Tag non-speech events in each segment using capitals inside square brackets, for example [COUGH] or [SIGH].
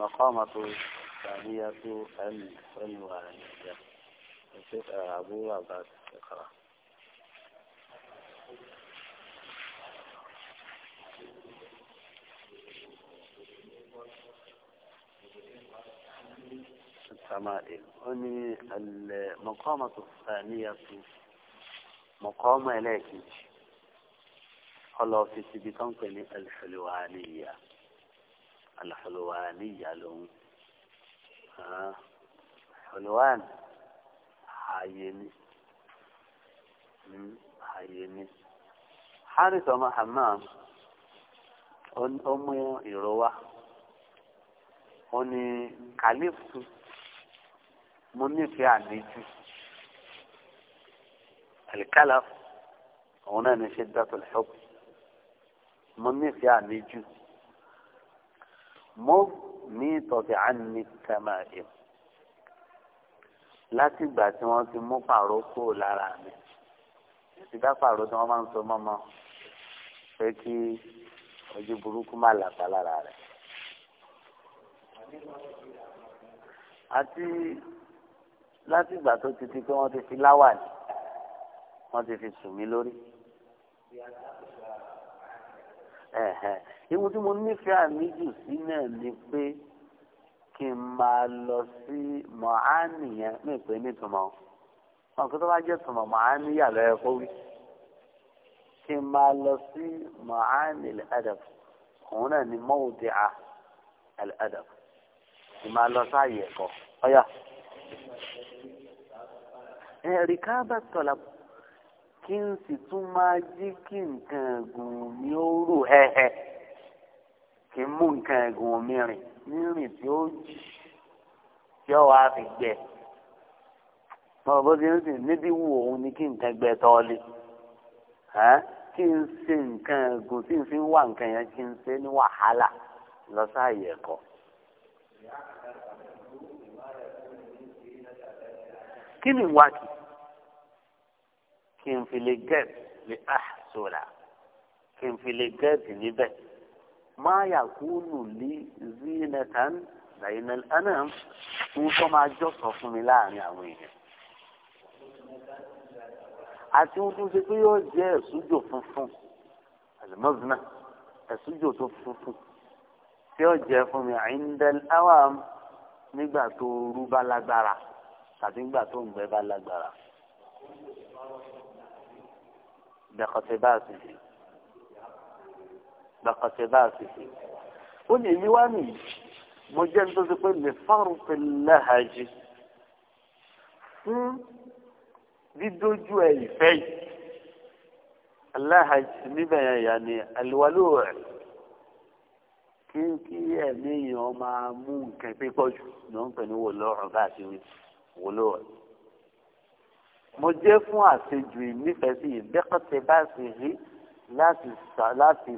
المقامة الثانية العنوانية نسيت أبو بعد اقرأ الشمائل أني المقامة الثانية مقامة لكن الله في سبيتان الحلوانية alḥulwaaniya lòun xulwaan ah, xayeni xayeni xaaris hmm, ọmọ hamam ó mú ìró wá ó ní kàlífù mo nífẹ̀ẹ́ àníjú alikálà òun náà ní ṣe dátọ̀ lẹ́hìn mo nífẹ̀ẹ́ àníjú mọ́mítọ̀tì ànìkàmáìm látìgbà tí wọ́n ti mú pàró kó lára mi ti dá pàró tí wọ́n máa ń so mọ́mọ́ pé kí ojú burúkú má làpá lára rẹ̀. àti látìgbà tó ti di pé wọ́n ti fi láwà ní wọ́n ti fi sùn mí lórí ìwọ tí mo nífẹ̀ẹ́ àmì jù sí náà ni pé kí n máa lọ sí mọ̀ánì yẹn ní ìpè nítumọ̀ wọn kí tó bá jẹ́ tùmọ̀ mọ̀ánì yà lọ́yẹ kó wí kí n máa lọ sí mọ̀ánì al òun náà ni mawdi'a al-adab kí n máa lọ sáàyè ẹ̀kọ́ ọ̀yà. ẹ̀ríkà bá tọ̀lá kí n sì tún máa jí kí nǹkan ẹ̀gùn mi ó rò hẹ́hẹ́ kí n mú nǹkan ẹ̀gùn mi rìn nírìn tí ó jì tí ó wàá fi gbẹ. Bọ́lá bó ti ń sìn níbí wù òun ni kí nǹkan gbẹ tọ́lé. Kí n ṣe nǹkan ẹ̀gùn tí n fi ń wà nǹkan yẹn kí n ṣe ní wàhálà lọ sáàyè ẹ̀kọ́. Kí ni ìwà kí n fi lè gẹ́t lè àṣọra kí n fi lè gẹ́t níbẹ̀ máa yà kúnnù lé zinatan zainal anam ń tó máa jọ́sọ̀ fún mi láàrin àwọn èèyàn àti ohun tó ṣe pé yóò jẹ́ ẹ̀sùjò funfun àlùmọ́sánà ẹ̀sùjò tó funfun tí yóò jẹ́ fún mi àìndẹ́l awam nígbà tó rú bá lágbára tàbí nígbà tó ń gbẹ bá lágbára. bẹ̀kọ̀tẹ̀báàsìsì bẹ̀kọ̀tẹ̀báàsìsì ó ní èmi wá nìyí mo jẹ́ ní tó ti pé lè fárúfẹ́ láhàjì fún dídójú ẹ ìfẹ́ yìí láhàjì níbẹ̀ yẹn yà ni àlùwalú rẹ̀ kí kí ẹ̀mí yẹn máa mú nǹkan pípọ̀ jù ló ń pè ní wòlóòrùn bá a ti wí wòlóòrùn mo jẹ́ fún àṣejù ìnífẹ̀ẹ́ sí ìbẹ́kọ̀tì bá ṣe rí láti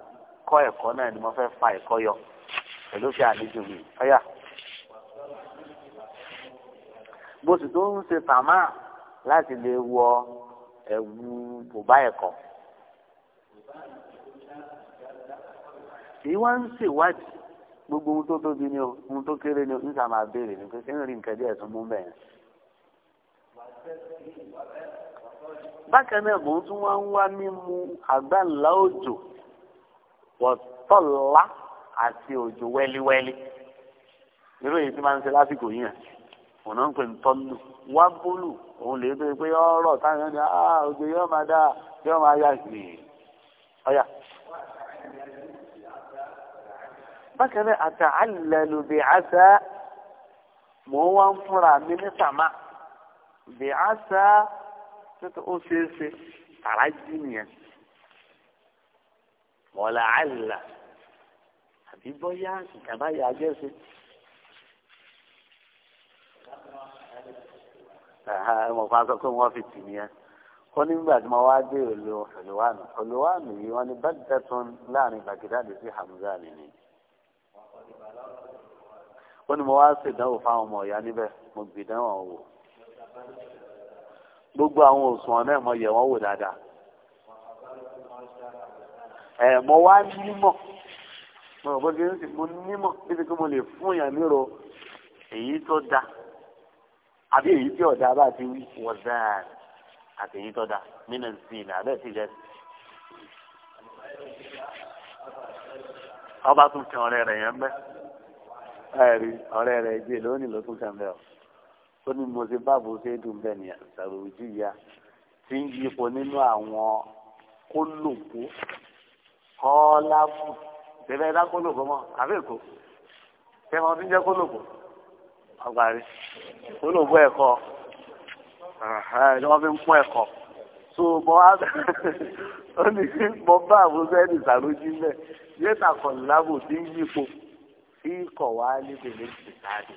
kọ́ ẹ̀kọ́ náà ni mo fẹ́ fa ẹ̀kọ́ yọ pẹ̀lú fi àlejò mi ọ̀yà. bó sì tó ń ṣe tàmá láti lè wọ ẹ̀wù bùbá ẹ̀kọ́. ìwọ́n ń ṣèwádìí gbogbo ohun tó tóbi ni o ohun tó kéré ni o ń sàmà béèrè ni pé kí n rí nǹkan díẹ̀ tó mú bẹ́ẹ̀ yẹn bákan náà mò ń tún wá ń wá mímu àgbàǹlá òjò wọ̀tọ́lá àti òjò wẹ́líwẹ́lí irú èyí tí máa ń ṣe lásìkò yìí hàn òun náà ń pè ní tọ́lù wá bólù òun lè tó pé ọ̀rọ̀ táwọn ní ah òjò yóò máa dáa yóò máa yá sí i ọ̀yà. bákan náà àtàlẹ́lùbí àṣà mò ń wá ń fúnra mi ní sàmá. بعسى تتأسس على الدنيا ولعل حبيب بويا كما يعجز ها مفاتكم وفي الدنيا كون بعد مواضيع اللي حلوان حلوان يوان بدة لا نبكتان في حمزاني ونمواصل ده فاهمه يعني به مبدا وهو gbogbo àwọn òṣùwọ̀n náà mo yẹ̀ wọ́n wò dáadáa ẹ̀ wá nímọ̀ mo rò bọ́dé ní mo nímọ̀ mo lè fún èèyàn nírò da àbí èyí tí ọ̀dà bá ti wí wọ́n dáa àti èyí da nínú ìsìn ìlà abẹ́ ti jẹ́ ọba tún kẹ ọ̀rẹ́ rẹ̀ yẹn mẹ́ ẹ̀rí ọ̀rẹ́ rẹ̀ jẹ́ lónìí ló tún ó ní mo ṣe báàbò ṣe dùn bẹ́ẹ̀ ni àṣàrò ya ti ń yípo nínú àwọn kólòkó kọ́ọ́lábù tẹ́lẹ̀ ẹ̀dá kólòkó mọ́ àbẹ́ẹ̀kọ́ tẹ́lẹ̀ ọdún jẹ́ kólòkó ọgbà rí kólòkó ẹ̀kọ́ ẹ̀ẹ́dẹ́wọ́n fi ń pọ́n ẹ̀kọ́ so mo á [LAUGHS] ó ní mo bá àwọn sẹ́ẹ̀dì sàlójú mẹ́ yẹ́tà kọ̀ọ̀lábù ti ń yípo sí kọ̀wá níbi ní ìsìnkáàdì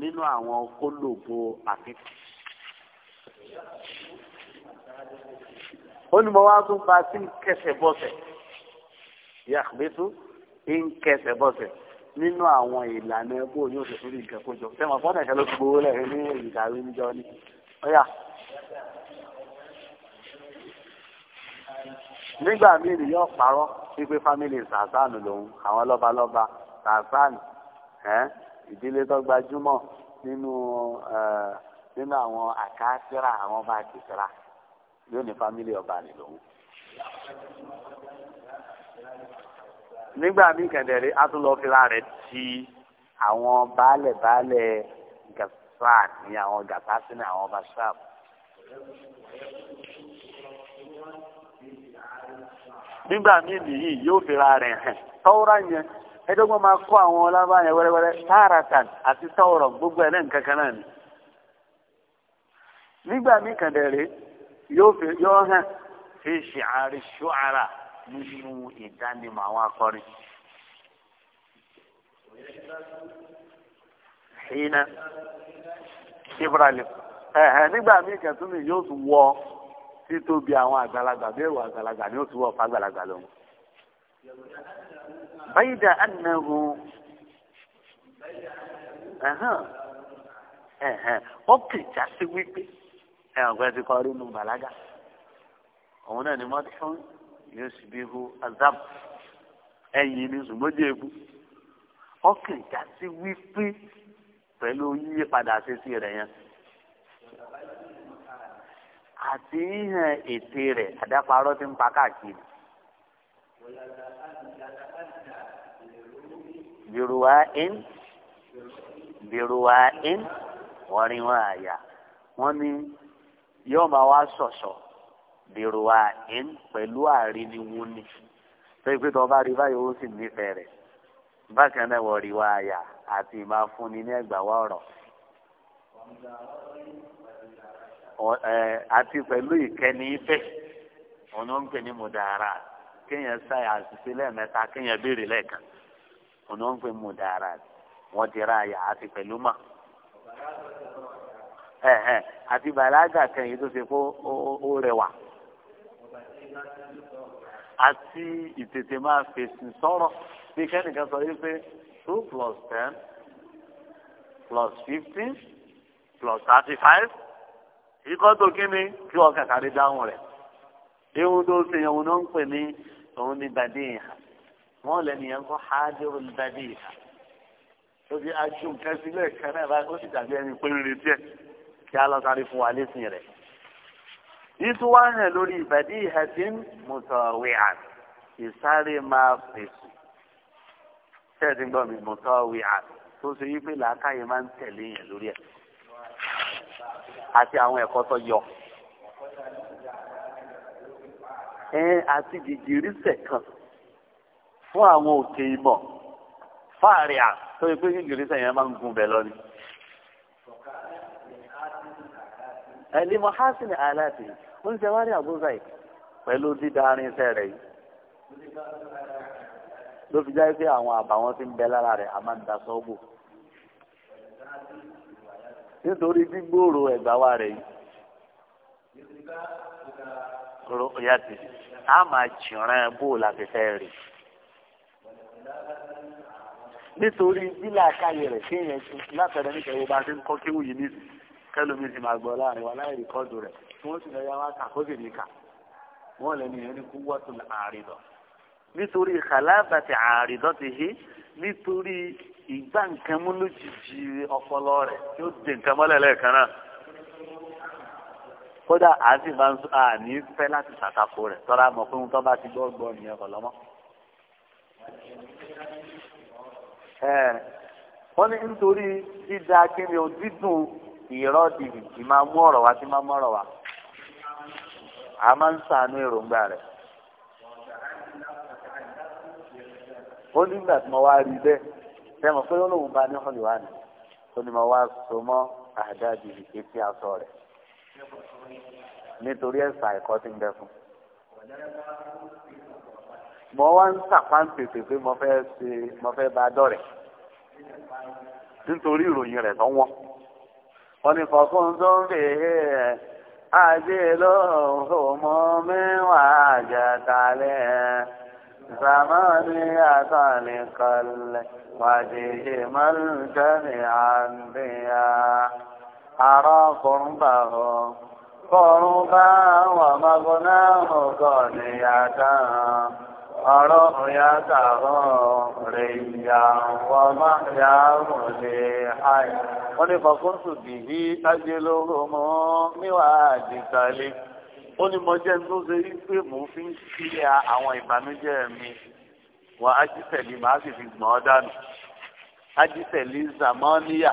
nínú àwọn kólòbó àkẹ́kọ̀ọ́. ó ní mo wá tún fa sí kẹsẹ̀ bọ́sẹ̀ yàgbẹ́tú ń kẹsẹ̀ bọ́sẹ̀ nínú àwọn ìlànà ẹgbẹ́ òní oṣù tó ní nǹkan kójọ sẹ́wọ̀n fọ́nà ìṣẹ́ ló gbowó lẹ́yìn ní ìdàrú níjọ ni ọ̀yà. nígbà míì ni yóò parọ́ wípé fámìlì sàṣánù lòun àwọn lọ́balọ́ba sàṣánù ẹ́ ìdílé tó gbajúmọ̀ nínú nínú àwọn àkáṣíra àwọn bá kìsíra yóò ní fámílì ọba nì lòun. nígbà míì kẹ̀dẹ̀rẹ́ a tún lọ fira rẹ̀ ti àwọn baálẹ̀ baálẹ̀ gàṣà ní àwọn gàṣà sínú àwọn ọba ṣáàbù. nígbà míì nìyí yóò fira rẹ̀ hàn tọ́wọ́rá yẹn. ẹ̀dọ́gbọ́n máa kọ́ àwọn ọlọ́ba wẹ́rẹ́wẹ́rẹ́ tààràtàn àti tọ́wọ̀rọ̀ gbogbo ẹ̀ lẹ́nu kankan náà ni. nígbà kàn dẹ̀rẹ́ yóò fi yóò hàn fi ṣàárẹ̀ ṣọ́ara nínú ìdánimọ̀ àwọn akọrin. ìyínà ibrahim ẹ̀hẹ̀ nígbà míì kàn tún mi yóò tún wọ títóbi àwọn àgbàlagbà àgbàlagbà ni wọ fún àgbàlagbà بيد أنه أها أها أوكي جاسي ويبي أنا غادي قاري نو بلاغا هنا نمدح يشبه الذب أي نزو مجيبو ọkàn ìjà sí wípé pẹ̀lú yíyí padà sísí rẹ̀ yẹn àti hàn ète rẹ̀ àdáparọ́ ti ń pa káàkiri. biruwa'in biruwa'in wariwaya wọ́n ní yóò máa wá sọ̀sọ̀ biruwa'in pẹ̀lú àríniwúni tó yẹ pé tó bá rí báyìí ó sì nífẹ̀ẹ́ rẹ̀ bákan náà wariwaya ati máa fúnni ní ẹgbàá ọ̀rọ̀ àti pẹ̀lú ìkẹ́ni ìfẹ́ ọ̀nà ń pè ní mùdàrà kéèyàn ṣàyà àṣìṣe lẹ́ẹ̀mẹ́ta kéèyàn béèrè lẹ́ẹ̀kan. òun ni wọ́n ń pè mú dára wọ́n ti ra àyà àti pẹ̀lú mọ́ àti bàlágà kan yìí tó ṣe kó ó rẹwà àti ìtètè máa fèsì sọ̀rọ̀ bí kẹ́nìkan sọ yìí pé two plus ten plus fifteen plus thirty five ikọ́ tó kí ni kí ọkàn kárí dáhùn rẹ̀ ewu tó ṣe yẹn òun ló ń pè ní òun ní gbadé wọn lẹni yẹn kọ hajjuru dadi ha ó di aju nǹkan sílẹ̀ kan náà báyìí ó sì dàbí ẹni pé rere díẹ̀ kí a lọ sáré fún wa lẹ́sìn rẹ̀ yíṣu wá hàn lórí ìbàdí ìhàdín mùtọ̀wìà ìsáré máa fèsì tẹ́ẹ̀dín gbọ́ mi mùtọ̀wìà tó ṣe yí pé làákàyè máa ń tẹ̀lé yẹn lórí ẹ̀ àti àwọn ẹ̀kọ́ tó yọ ẹ àti gègé rísẹ̀ kan fún àwọn òkè ìmọ̀ fáàrí à tó yẹ pé gígìrì sẹ́yìn máa ń gun bẹ̀ lọ ni. ẹ̀lí mọ hásìn aláàtì ó ń sẹ́wárí àbúrò yìí pẹ̀lú dídarin iṣẹ́ rẹ̀ yìí. ló fi jáde pé àwọn àbàwọ́n ti ń bẹ lára rẹ̀ a máa ń da sọ́gbò. nítorí gbígbòòrò ẹ̀gbá wa rẹ̀ yìí. ròyàtì a máa jìrán bóòlù àti fẹ́ nítorí bílà káyè rẹ̀ ṣé yẹn ṣe látọ̀dọ̀ nípa ẹ̀wọ̀ bá ṣe ń kọ́ kéwù yìí nìyí kẹlòmíì sì máa gbọ́ láàrin wa láì rìkọ́dù rẹ̀ tí wọ́n sì lọ yá wá kà kó sì ní kà wọ́n lẹ́nu yẹn ní kú wọ́tò àrídọ̀ nítorí kàlábàtì àrídọ̀ ti hí nítorí ìgbà nǹkan mú lójijì ọpọlọ rẹ̀ tí ó dé nǹkan mọ́lẹ̀ lẹ́ẹ̀kan náà kódà àti ìbánisọ́ àní fẹ́ láti ṣàtakò rẹ̀ tọ́ra wọ́n ní nítorí dídá kíni o dídùn ìrọ́dì mú ọ̀rọ̀ wá sí mú ọ̀rọ̀ wá a máa ń èròǹgbà rẹ̀ ó nígbà tí mo wá rí bẹ́ẹ̀ pé ó lóun bá ní mo wá so mọ́ àdáàdì aṣọ rẹ̀ nítorí ẹ̀sà ẹ̀kọ́ ń bẹ fún un. mo wá ń sàpáǹtètè pé mo fẹ́ ṣe mo fẹ́ bá dọ̀rẹ̀ nítorí ìròyìn rẹ̀ tó wọ́n wọ́n ní fọkún tó ń bè é ajé ló ń fò mọ́ zamani àtàlẹ́kọ̀lẹ́ wàdìyí mọ́lùtẹ́lẹ̀ àǹbíyá arákùnrin bàbá kọ̀ọ̀rùn bá wà mọ́gbọ́n náà kọ̀ níyàtàn. رؤيته ريا ومحياه لحي wọ́n fọ́kúnsù bìí ajẹ́lógómọ́ níwáàdì tàlẹ́ ó ní mo jẹ́ tó ṣe wípé mò ń fi ń sílẹ̀ àwọn ìbànújẹ́ mi wà á jí tẹ̀lé màá sì fi gbọ́n dànù á jí tẹ̀lé zamaniya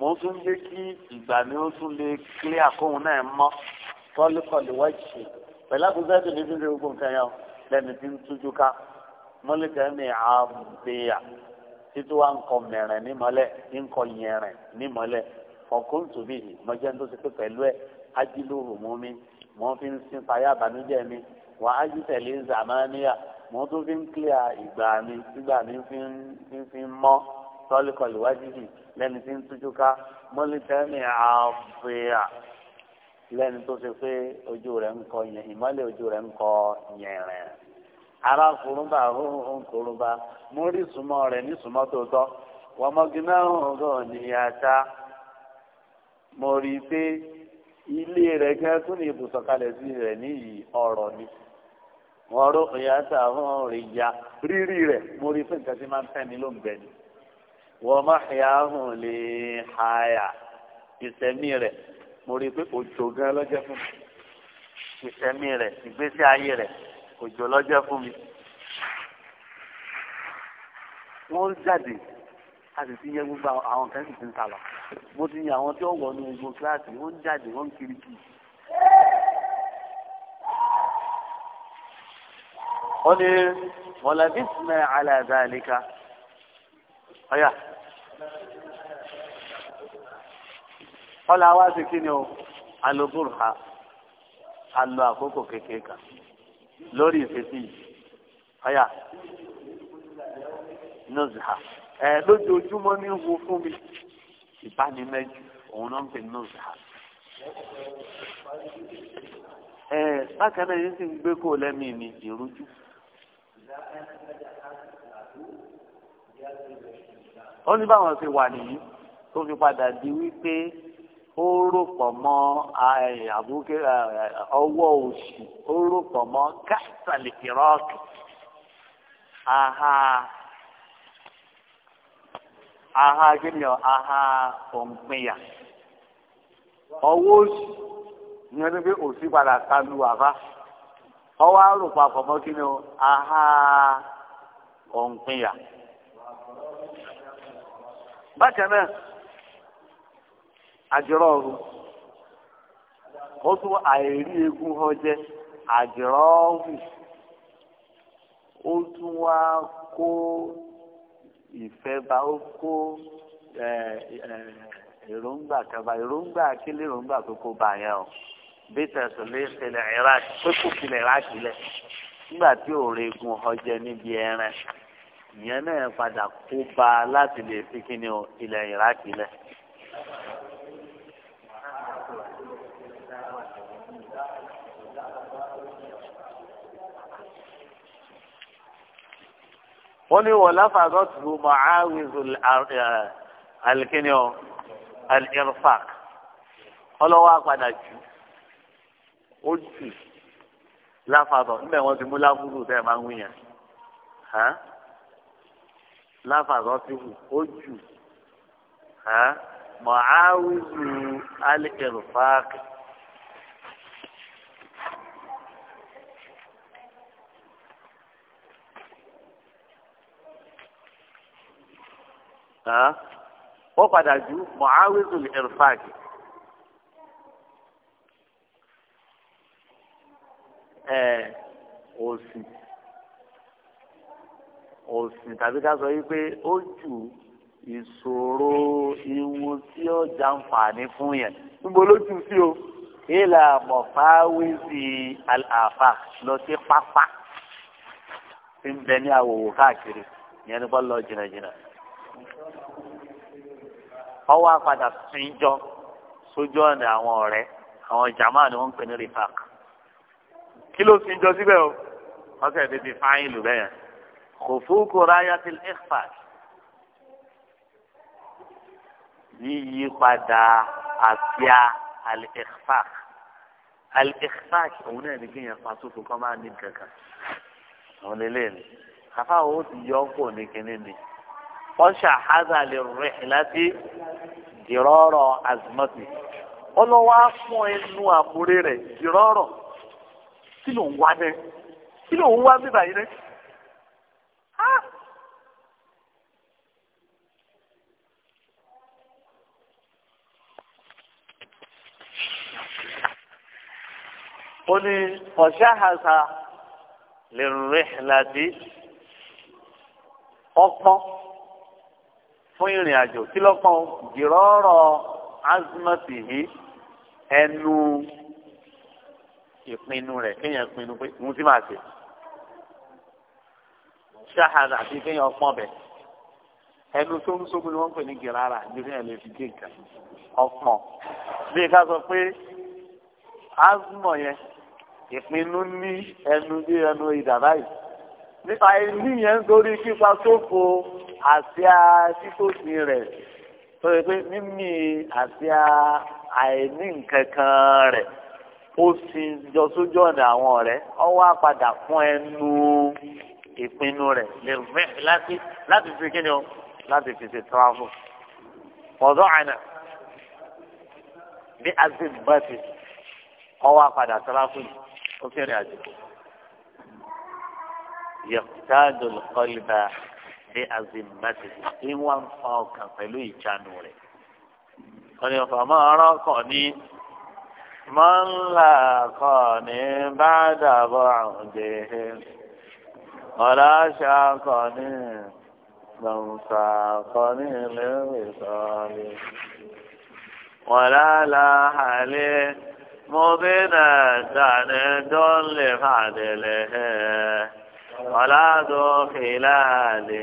mò ń tún jẹ́ kí ìgbàanì ó tún lè kílẹ̀ àkóhun náà mọ́ kọ́lékọ́lé wájú pẹ̀lú àkóso ẹ̀dùn níbi gbogbo lẹ́ni tí ń tújú ká mọ́lẹ́kẹ́ ní àbẹ̀yà títí wá ń kọ mẹ̀rẹ̀ nímọ̀lẹ́ ń kọ yẹ̀rẹ̀ nímọ̀lẹ́ ọkùnrin tóbi yìí mọ̀jẹ́ ń tó ti pé pẹ̀lú ẹ̀ ajílóhùn mú mi mọ̀ fi ń sin fàyà àbànújẹ́ mi wà á jí tẹ̀lé zàmáníyà mọ̀ tó fi ń kílíà ìgbà mi ìgbà mi fi ń mọ́ tọ́líkọ̀lì wájú yìí lẹ́ni tí ń tújú ká mọ́lẹ́kẹ́ ní àbẹ̀yà lẹ́ni tó ti pé ojú rẹ̀ ń kọ yẹn ìmọ́lẹ̀ ara kurumba hóhùn kurumba mo rí sùmọ́ rẹ̀ ní sùmọ́ tòótọ́ wọ́n mọ́gínà ọ̀gọ́ ní ata mo rí i pé ilé rẹ̀ gẹ́gẹ́ tún ní ibùsọ̀ kalẹ̀ sí rẹ̀ ní ọ̀rọ̀ ni wọ́n ró ìyáta ọ̀hún rí ya rírì rẹ̀ mo rí i pé nǹkan tí máa ń fẹ́ ni wọ́n má ìyá ọ̀hún lè hàyà ìsẹ̀mí rẹ̀ mo rí i pé òjò gan lọ́jọ́ fún mi ìsẹ̀mí òjò lọ́jọ́ fún mi. wọ́n jáde a sì ti yẹ gbogbo àwọn kan sì ti ń sálọ mo ti yàn àwọn tí ó wọnú gbogbo kíláàsì wọ́n jáde wọ́n kiri kiri. wọ́n ní mọ̀lẹ́bí sinmi aláàdá àlíká ọ̀yà. ọ̀là wa sì kí ni o alóbùrù ha a àkókò kékeré kan lórí ìfèsì yìí ọ̀yà nọ́ọ̀zà ẹ lójoojúmọ́ ní wo fún mi ìbánimẹ́jù òun náà ń pè nọ́ọ̀zà. ẹ bákan náà yìí sì ń gbé kó lẹ́mìí mi ìrújú. ó ní báwọn ṣe wà nìyí tó fi padà di wípé ó rúpọ̀ mọ́ àbúké ọwọ́ òsì ó rúpọ̀ mọ́ gáàsàlìkì rọ́ọ̀kì aha aha gíní ọ aha òǹpinya ọwọ́ òsì ìyẹn ní pé òsì padà kanu àbá ọwọ́ àrùpọ̀ àpọ̀mọ́ gíní ọ aha òǹpinya bákan náà àjọrọrù ó tún àìrí egun hàn jẹ àjọrọrù ó tún wá kó ìfẹ́ bá ó kó èròǹgbà kaba èròǹgbà kílé èròǹgbà tó kó bá yẹn o bí tẹ̀sán lè ṣẹlẹ̀ iraq pé kò filẹ̀ iraq lẹ̀ nígbà tí òòrè egun hàn jẹ níbi ẹran ìyẹn náà padà kó bá láti lè fi kíni ilẹ̀ iraq lẹ̀. wọ́n ní wọ́n láfàgọ́ tù mọ̀áwìzù alikiniọ eh, alirfak ọlọ́wọ́ apàdà jù ó jù láfàgọ́ níbẹ̀ wọ́n ti mú láfúrú tẹ́ ẹ máa ń wíyàn láfàgọ́ ti hù ó jù mọ̀áwìzù alirfak. wọ́n padà ju mọ̀háwézù ìrfàjì. òsì òsì tàbí ká sọ wípé ó ju ìṣòro ewu tí ó jàǹfààní fún yẹn níbo ló jù sí o ìlà mọ̀fáwézì àlàáfà lọ sí pápá ń bẹ ní àwòwò káàkiri ìyẹn ni bọ́ lọ jìnnàjìnnà ọwọ́ apàdà síjọ sójú ọ̀nà àwọn ọ̀rẹ́ àwọn jàmáà ni wọ́n ń pè ní rifak kí ló síjọ síbẹ̀ o wọ́n sẹ̀ tètè fáyín lù bẹ́yẹn kò fúkú ráyà tí ikhfaq yíyí padà àfíà al-ikhfaq al-ikhfaq òun náà ní kí yẹn fàtúfù kọ́ máa ní kankan òun lélẹ́yìn afáwọ́ ó ti yọ ọ́ pò ní kínní ni fọ́ṣà hazali rẹ̀ láti dìrọ́rọ̀ azimọ́tì ọlọ́wọ́ á fún ẹnu àmúre rẹ̀ dìrọ́rọ̀ kí ló ń wá dẹ kí ló ń wá bí báyìí dẹ. ó ní fọ́ṣà hazali rẹ̀ láti ọpọ́n fún ìrìn àjò kí lọ́kàn jìrọ́rọ̀ azimati yìí ẹnu ìpinnu rẹ̀ kéèyàn pinnu pé òun ti máa ṣe ṣáhàdà àti kéèyàn pọ̀ bẹ̀ ẹnu tó ń sógun ni wọ́n ń pè ní gìrara nígbà yẹn lè fi gé nǹkan ọpọn bí ká sọ pé azimọ̀ yẹn ìpinnu ní ẹnu bí ẹnu ìdàbáyìí nípa ẹni yẹn ń torí pípa sófo àsíá títòsí rẹ̀ tó yẹ pé mímí àsíá àìní nǹkan kan rẹ̀ ó sì jọ sójú ọ̀nà àwọn ọ̀rẹ́ ọwọ́ àpadà fún ẹnu ìpinnu rẹ̀ lè láti fi kíni o láti fi ṣe tíráfù ọ̀dọ́ àná bí azim bá ti ọwọ́ àpadà tíráfù yìí ó fẹ́rẹ̀ àjẹkù yọ̀tàdù kọlìbà bí azimati ìwọ̀n fa ọkàn pẹ̀lú ìjánu rẹ̀. wọ́n yọ̀ fàmọ́ ọ̀rọ̀ kọ̀ ní mọ́ńlá kọ̀ ní bàdàbọ̀ àwùjẹ́ ọ̀là ṣàkọ̀ ní gbọ̀nsà kọ̀ ní ilé ìsọ̀lẹ̀ wọ́lá làhálẹ́ mọ́bí náà dàní dọ́lẹ̀ fàdélẹ̀ hẹ́ẹ́ ọ̀làdọ̀ kìláàlì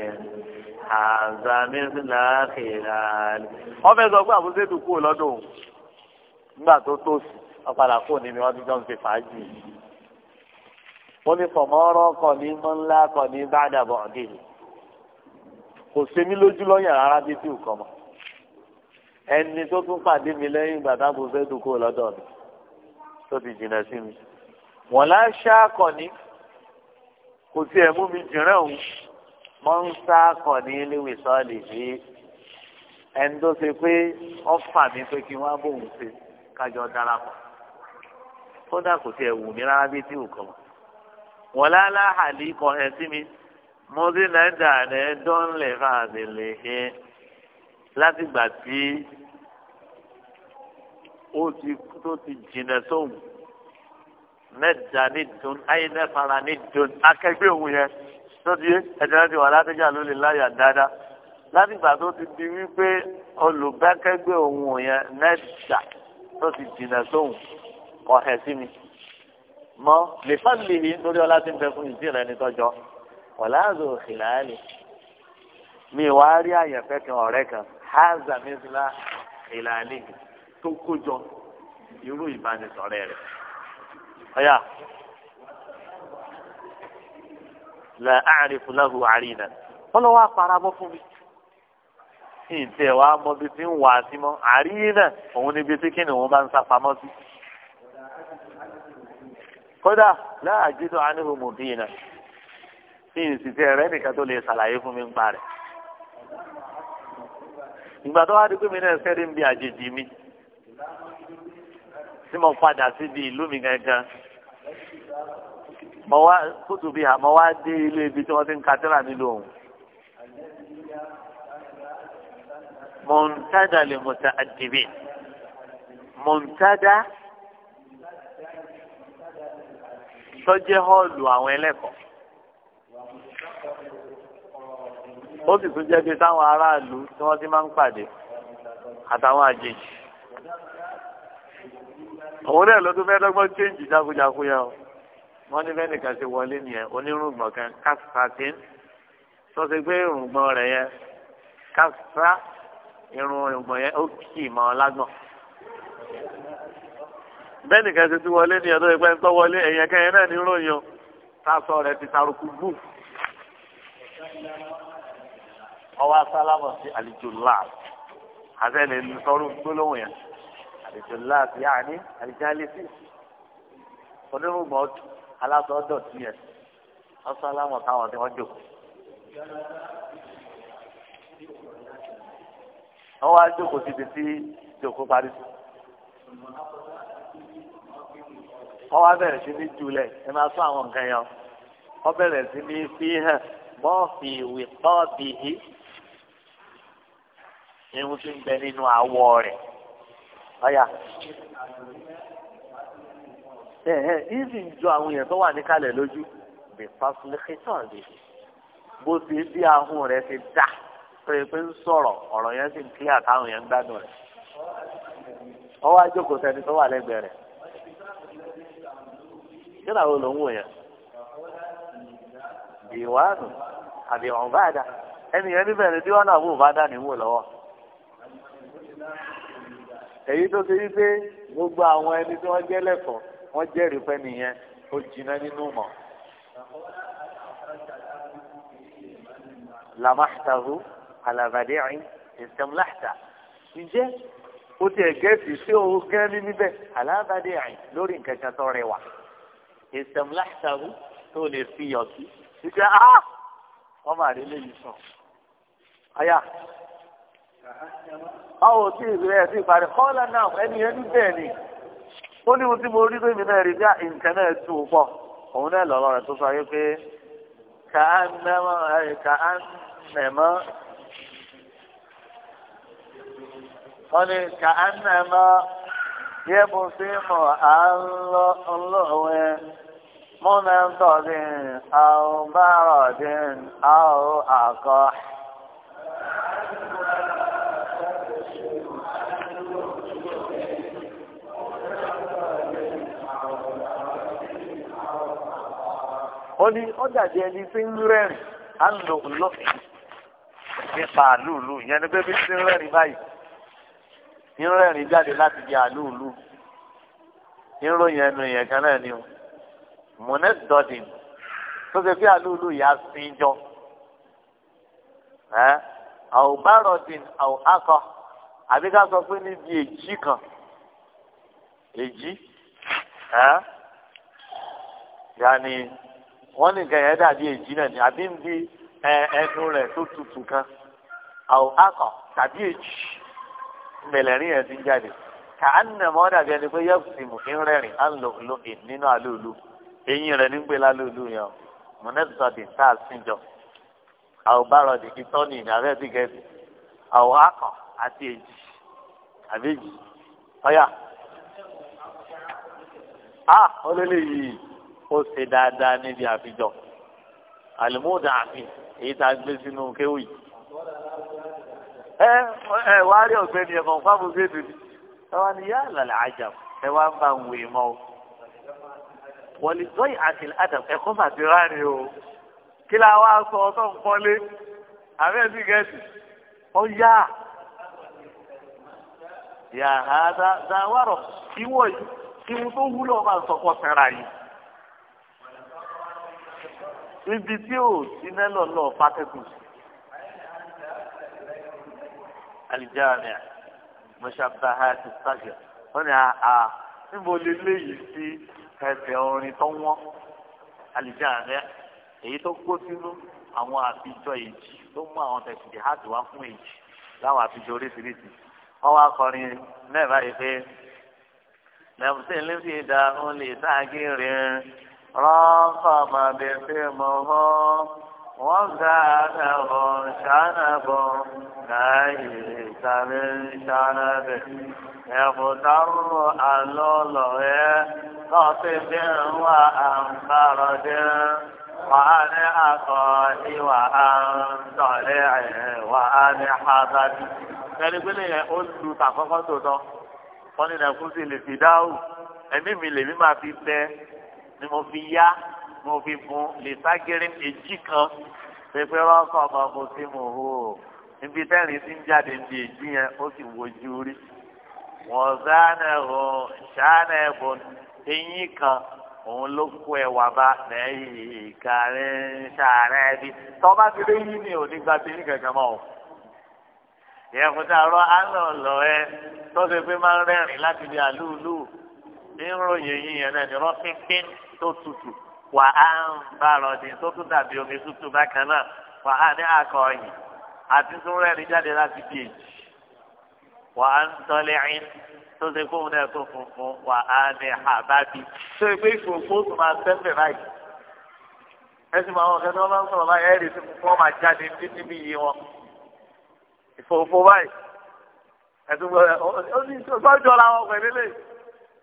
àzàmísìlá kìláàlì. wọ́n fẹ́ sọ pé àbúṣẹ́dù kú lọ́dún nígbà tó tòsí ọ̀padà kò ní ni wọ́n ti jọ ń ṣe fàájì. wọ́n ní fọ̀mọ́rọ́ kọ̀ ní mọ́ńlá kọ̀ ní bàdàbọ̀ ọ̀dẹ́ni. kò ṣe mí lójú lọ́yàn rárá bí tí ò kọ́ mọ́ ẹni tó tún pàdé mi lẹ́yìn ìgbà táàbù fẹ́ dùkú lọ́dọ̀ mi tó ti jìnnà sí mi. wọ́n lá ṣáàkọ̀ ní kò sí ẹ̀mú mi jìnrẹ́ òun mọ́ ń sá kàn ní léwì sọ́ọ̀lì ní ẹni tó ṣe pé ọ́fà mi pé kí wọ́n á bóun ṣe kájọ darapọ̀ kódà kò sí ẹ̀wù mi rárá bí tí ò kàn wọ́n lálá àlì kan ẹ̀ sí mi mo ti náà dà ní dọ́ńlẹ̀ fàdé lè ṣe láti gbà tí ó ti jìnà sóhùn mẹ́ta ní dùn ayé mẹ́fara ní dùn akẹgbẹ́ òun yẹn lọ́dí ẹ̀jẹ̀ ti wà látẹ̀jà lórí láyà dáadáa látìgbà tó ti di wípé olùbákẹ́gbẹ́ òun yẹn mẹ́ta tó ti dìnnà sóhun ọ̀hẹ́ sí mi mọ́ lè fáńlì yìí lórí ọlá tí ń bẹ fún ìdí rẹ ní tọ́jọ́ ọ̀làzò ìlàálì mi wá rí àyẹ̀fẹ́ kan ọ̀rẹ́ kan házà mi ti lá ìlàálì tó kójọ irú ìbánisọ̀rẹ́ rẹ̀ ọ̀yà la àárífù lahu àrínà wọ́n lọ wá paramọ́ fún mi kí n tiẹ̀ wá mọ ibi tí ń wà á sí mọ́ àrínà òun níbi tí kí ni òun bá ń sá pamọ́ sí. kódà láàjídò ánìhùn mùbínà kí n sì tiẹ̀ rẹ́ nìkan tó lè ṣàlàyé fún mi ń pa rẹ̀. ìgbà tó wá di pé mi náà ṣẹ́rí ń bi àjèjì mi tí mo padà síbi ìlú mi gangan mọ wá kótó bíi hà mọ wá dé ilé ibi tí wọ́n ti ń ka tẹ́lá nílò òun. mọ̀ntádà lè mọ̀tà àdìbì mọ̀ntádà sọ́jẹ́ họ́ọ̀lù àwọn ẹlẹ́kọ̀ọ́ ó sì tún jẹ́ pé aráàlú tí wọ́n ti máa ń pàdé àtàwọn àjèjì òun náà ló tún chéǹjì jákujáku yẹn o wọ́n ní bẹ́ẹ̀ nìkan ṣe wọlé nìyẹn onírùngbọ̀n kan kásátìn tó ṣe gbé irùngbọ̀n rẹ̀ yẹn kásá irùngbọ̀n yẹn ó kì í mọ́ ọ lágbọ̀n. bẹ́ẹ̀ nìkan ṣe ti wọlé nìyẹn tó ṣe pé ń tọ́ wọlé ẹ̀yẹ kẹyìn náà ní ròyìn o táṣọ rẹ̀ ti taruku gbù. ọwọ́ asálámọ̀ sí àlejò láàbù àtẹ̀lẹ̀ sọ́rọ́ gbólóhùn yẹn àlejò láàbù yáà ní àlejò sí onírùngbọ̀n aláṣọ ọ̀dọ̀ tí yẹn ọsọ aláwọ táwọn ni wọn jò. wọn wá jókòó síbi tí jókòó parí sí. wọn wá bẹ̀rẹ̀ sí ní julẹ̀ ẹ máa sọ àwọn nǹkan yẹn fi hàn bọ́ọ̀fì ìwé tọ́ọ̀bì yìí irun tí ń bẹ nínú awọ rẹ̀ ọ̀yà ẹ̀hẹ́ ìsì ń jọ àwọn èèyàn tó wà níkàlẹ̀ lójú bí fásilẹ́kì tán lè bó ti bí ahun rẹ̀ ti dá pé pé ń sọ̀rọ̀ ọ̀rọ̀ yẹn sì ń kílẹ̀ àtàwọn èèyàn ń gbádùn rẹ̀ ọwọ́ ajókòó sẹ́ni tó wà lẹ́gbẹ̀ẹ́ rẹ̀ kí làwọn olóhùn wò yẹn ìwádùn àbí ọ̀hún bá dà ẹnìyẹn níbẹ̀ ni bí wọ́n náà wò bá dà ní wò lọ́wọ́. èyí tó ṣe wípé gbogbo àwọn ẹni tí wọ́n jẹ́ lẹ́kọ̀ọ́ wọ́n jẹ́rìí fẹ́ nìyẹn ó jiná nínú mọ̀. làmáhtahu alàbàdìrì ìsẹ̀mùláhta ǹjẹ́ ó ti ẹ̀gẹ́sì sí òun gán ní níbẹ̀ alàbàdìrì lórí nǹkan kan tó rẹwà ìsẹ̀mùláhtahu tó lè fi yọ̀kí ṣíkẹ́ á wọ́n máa rí léyìí sàn. Aya báwo tí ìrírí ẹ̀ sì parí kọ́lá náà ẹni ẹni bẹ́ẹ̀ ni ó ní mo tí mo rí pé mi náà rí bí nǹkan náà tù ú pọ̀ òun náà lọ́rọ̀ rẹ̀ tó sọ ayé pé kà á nẹ́mọ́ kà á nẹ́mọ́ wọ́n ní kà á nẹ́mọ́ yẹ mo sí mọ̀ à ń lọ ọlọ́wẹ́ mo náà ń tọ́ dín àwọn bá rọ̀ dín àwọn àkọ́. wọ́n ní ó dàbí ẹni tí ń rẹ́rìn á ń lo lọ́fẹ̀ẹ́ nípa àlùlù ìyẹn ni pé bí ti ń rẹ́rìn báyìí ń rẹ́rìn jáde láti di àlùlù ìròyìn ẹnu yẹn kan náà ni o mọ̀nẹ́ dọ́dìn tó ṣe pé àlùlù yà á sin jọ ẹ́ àwọn bárọ̀dìn àwọn akọ àbí ká sọ pé níbi èjì kan èjì ẹ́ yáni. wọ́n ní nǹkan yẹn dàbí èjì náà ni àbí ń bi ẹnu rẹ tó tutù kan àwọn akọ tàbí èjì mẹlẹ́rìn yẹn ti ń jáde kà á nà mọ́ dàbí ẹni pé yẹ́pù sì mú kí ń rẹ́rìn á ń lò lò ì nínú àlòlù eyín rẹ̀ ní lálòlù yẹn o mọ̀nẹ́tìsọ̀dì tá a sìn jọ ti gẹ̀ẹ́sì akọ àti èjì àbí èjì ọ̀yà ah olólè yìí. ó ṣe dáadáa níbi àfijọ àlùmọ́ọ̀dà àfin èyí tá a gbé sínú kéwì. ẹ ẹ wàá rí ọ̀gbẹ́ni ẹ̀fọn fáwọn ọ̀gbẹ́ bèbí ẹ wá ní yá lálẹ́ àjà ẹ wá ń bá ń wèé mọ́ o. wọ́n lè zọ́yì àti adam ẹ̀kọ́ bàtí rárẹ̀ o kí la wá sọ ọtọ́ nkọ́lé àbẹ́sí gẹ̀ẹ́sì ọ yá yàrá dáwárọ̀ kí yìí kí tó wúlò ọba sọ̀kọ̀ sẹ́ra yìí ibi tí ò sí nẹ́lọ̀ lọ pákẹ́kù alijamia mọ̀ṣábáhá ti sájà wọ́n ní a níbo lè léyìí sí ẹsẹ̀ orin tó wọ́n alijamia èyí tó kó sínú àwọn àbíjọ èjì tó mú àwọn tẹ̀sídì hàtì wá fún èjì láwọn àbíjọ oríṣiríṣi wọ́n wá kọrin mẹ́ẹ̀bá yìí pé lẹ́mùsìn lè fi dàrún lè sáà gírin. رقم بفهمه وزاده شنب ليس من شنب يغتر اللؤلؤ قطب وأنفرد وعن أخاه وعن طلع وعن حبد ẹni pé lè ó lu tàkọ́kọ́ tó tọ́ wọ́n ní nàkúsí lè fi dáhùn ẹ̀mí mi lèmi máa fi tẹ́ ni mo fi yá mo fi bun lè ságéré èjì kan pépé rọ́ọ̀kọ̀ ọmọ mo ti mú o níbi tẹ́rìn ti ń jáde níbi èjì yẹn ó sì wojú rí wọ́n sáánà ẹ̀hún sáánà ẹ̀hún eyín kan òun ló kó ẹ wà bá lẹ́yìn ìkàrin sàárẹ̀ ẹbí tọ́ba ti dé yín ni ò ní gba ti ní kankan mọ́ o ìyẹn kò a rọ àná lọ ẹ tó ṣe pé máa ń rẹ́rìn láti di àlúùlù ní ròyìn yìí yẹn náà ní rọ́ pínpín tó tutù wà á ń bàrọ̀ ní tó tún dàbí omi tútù bákan náà wà á ní akọ̀yìn àti tó rẹ́ni jáde láti bí èjì wà á ń tọ́lé ẹ̀yìn tó ṣe kó òun náà funfun wà á ní àbábí tó ìgbé ìfòfó tó máa tẹ́lẹ̀ báyìí ẹsìn àwọn ọ̀gá tí wọ́n bá ń sọ̀rọ̀ báyìí ẹ̀rì tí wọ́n máa jáde títí bí iye wọn ìfòfó báyìí ẹ̀sùn gbọ́dọ̀ ó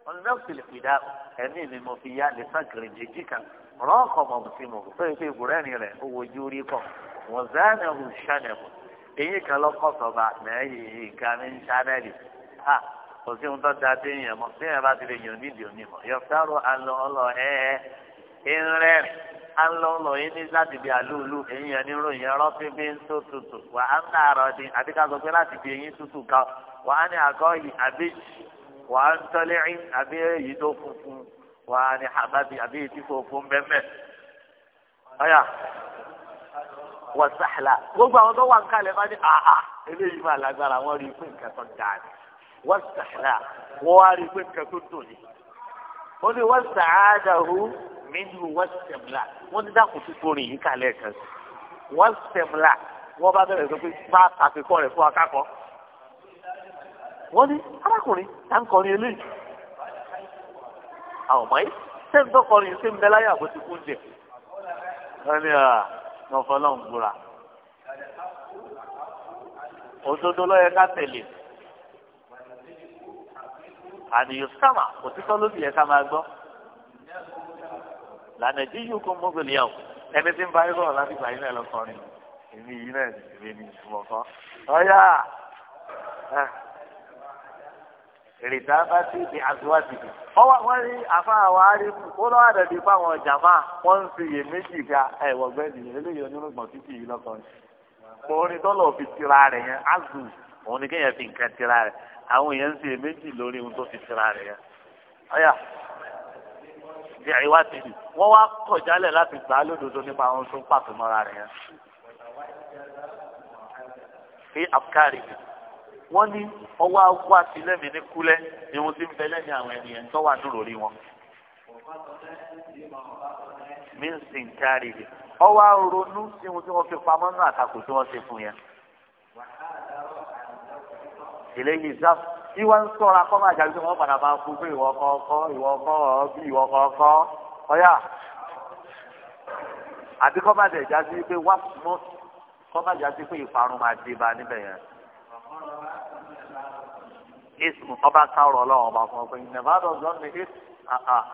wọn náà sì lè fi dá ẹ̀mí mi mo fi yá lè fa gèrèjì kíkan rọ́ọ̀kọ̀ mọ̀ sí mo tó yẹ pé bùrẹ́ni rẹ̀ ó wojú orí kọ̀ wọ́n zánà hù ṣánà hù èyí kan lọ́kọ̀ sọ̀ba mẹ́rin yìí kan ní ṣánẹ́lì ha kò sí ohun tó da dé yẹn mọ́ bí yẹn bá ti lè yàn nídìí òní mọ́ yọ sáró ẹ ẹ ń rẹ́ alọ́ ní láti bí alúlú èyí yẹn níròyìn ọ̀rọ̀ pípé tó tutù wà á ń dàrọ́ ni àbíká sọ pé láti bí eyín tutù kan wà á ní àgọ́ yìí àbí wà á ń tọ́lé ẹ̀ àbí èyí tó funfun wà á ní hababi àbí èyí tí funfun bẹ́ẹ̀ ọ̀yà wà sàhlà gbogbo àwọn tó wà ń kalẹ̀ bá ní àhà eléyìí máa lágbára wọ́n rí i pé nǹkan tó dáa ni wà sàhlà wọ́n wá rí pé nǹkan tó tò ní. ó ní wà sàádà hu mímu wà sẹ̀mlà wọ́n ti dákun tó torí yìí kalẹ̀ kan wà sẹ̀mlà wọ́n bá bẹ̀rẹ̀ sọ pé bá àtàkùn kọ́ rẹ̀ fún akákọ̀ọ́ wọ́n ní arákùnrin tá ń kọrin eléyìí àwọn ọmọ yìí sẹ́ni tó kọrin sí ń bẹ láyé àbótí kú jẹ wọ́n ní ọ̀fọlọ́hún gbúra òdodo lọ́yẹ ká tẹ̀lé àníyàn sábà òtítọ́ ló sì yẹ ká máa gbọ́ lànà jí yóò kó mọ́gbẹ̀lì yà wò ẹni tí ń bá irọ́ láti gbà yín náà lọ kọrin èmi yìí náà èmi ni mo kọ́ ọ yá rìdá bá ti di wọn rí afáà wa rí kó lọ́wọ́ àdàbí fáwọn jàmá wọ́n ń fi iye méjì ga ẹ̀wọ̀ gbẹ́dì eléyìí onírúgbọ̀n títí yìí lọ́kọ̀ ni. mo ní fi tira rẹ̀ yẹn azù òun ni kéèyàn fi nǹkan tira rẹ̀ àwọn èèyàn ń fi iye méjì lórí ohun tó fi tira rẹ̀ yẹn. ọ̀yà di àríwájú bi wọ́n wá kọ̀ jálẹ̀ láti gbà á lódodo nípa ohun tó pàtó mọ́ra rẹ̀ yẹn. fi àfukárì wọ́n ní ọwọ́ akó àtìlẹ́mì ní kúlẹ̀ irun tí ń bẹ lẹ́yìn àwọn ènìyàn tó wà dúró rí wọn. mi ń sìn kárí rẹ̀ ọwọ́ ronú sí ohun tí wọ́n fi pamọ́ náà àtakò tí wọ́n ṣe fún yẹn. eléyìí zaf ìwà ń sọ̀rọ̀ akọ́ máa jàdí wọn padà máa kú pé ìwọ kọ́kọ́ ìwọ kọ́ bí ìwọ kọ́kọ́ ọ̀yà àbí kọ́ máa dẹ̀ jásí pé wá kọ́ máa jásí pé ìparun máa dé ba níbẹ̀ yẹn. ismu ọba kárọ̀ ọlọ́run ọba fún ọ nevada ọ̀zọ́ ni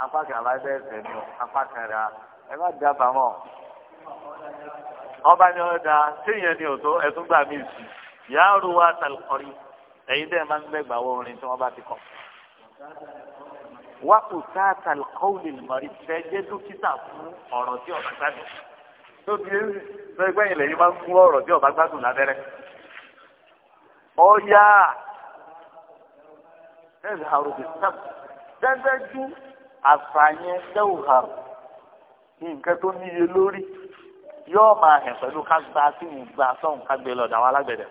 apá kan aláìbẹ̀ mi apá kan ẹ má dábàá ọba da ni òtó gbà mí sí yàá rú wa máa ń wọ orin tí bá ti kò mọ̀rí fẹ́ jẹ́ dókítà fún ọ̀rọ̀ tí ọ̀bá gbádùn tó ẹgbẹ́ yìí máa ń fún ọ̀rọ̀ ẹ̀dàrú bí sábà dájájú àṣàyàn dẹ́wùhàrù nǹkan tó níye lórí yóò máa hẹ̀ pẹ̀lú ká gba sí ní gba sọ́hùn ká gbé lọ́dọ̀ àwọn alágbẹ̀dẹ.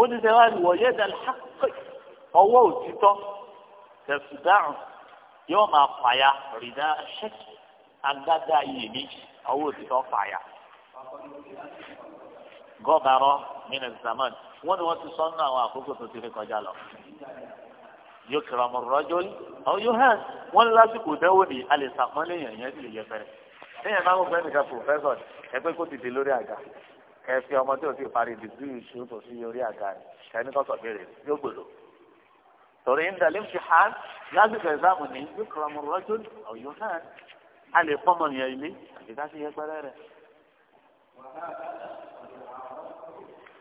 ó ti sẹ́wá ní wọ̀nyẹ́ dàlẹ́ ọwọ́ òtítọ́ tẹ̀sùdáhùn yóò máa fàyà rìdá ṣẹ́kì agbádá iyèméjì ọwọ́ òtítọ́ fàyà gọ́bàárọ̀ nínú zaman wọ́n ní wọ́n ti sọ nínú àwọn àkókò tó ti fi kọjá lọ. yóò kẹrọ ọmọ rọjò àwọn yóò hàn wọ́n ní lásìkò dẹ́wò ní alẹ́ sàpọ́nlé yẹn yẹn sì lè yẹ fẹ́rẹ̀. lẹ́yìn náà wọ́n fẹ́ nìkan pòfẹ́sọ̀ ẹgbẹ́ kó dìde lórí àga kẹfì ọmọ tí o ti parí dìgírì ìṣú tó sí orí àga rẹ̀ kẹ́ni kọ́sọ̀ béèrè yóò gbòòrò. torí ń dalẹ́ fi hàn lásìkò ìzáàmù ní yóò kẹrọ ọmọ rọjò àwọn yóò hàn alẹ́ fọ́mọ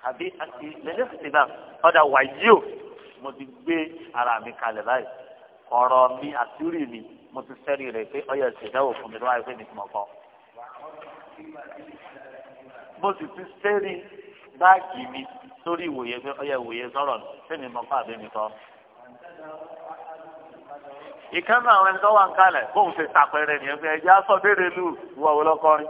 àbí àti lẹ́lẹ́ fìtínà ọ̀dà wàyí o mo ti gbé ara mi kalẹ̀ báyìí ọ̀rọ̀ mi àtúrì mi mo ti sẹ́rí rẹ̀ pé ọyọ̀ ìṣèdáwò fún mi lọ́wọ́ pé mi ti mọ̀ kọ́. mo sì ti sẹ́rí báàgì mi sórí ìwòye pé ọyọ̀ ìwòye sọ̀rọ̀ sẹ́mi mọ̀ fún àbẹ́mi tọ́. ìkànnì àwọn ẹni tó wà ń kalẹ̀ bóun ṣe ṣàpẹẹrẹ nìyẹn pé ẹjẹ́ á sọ déédéé lù wọ̀ wọ́lọ́kọ́rin.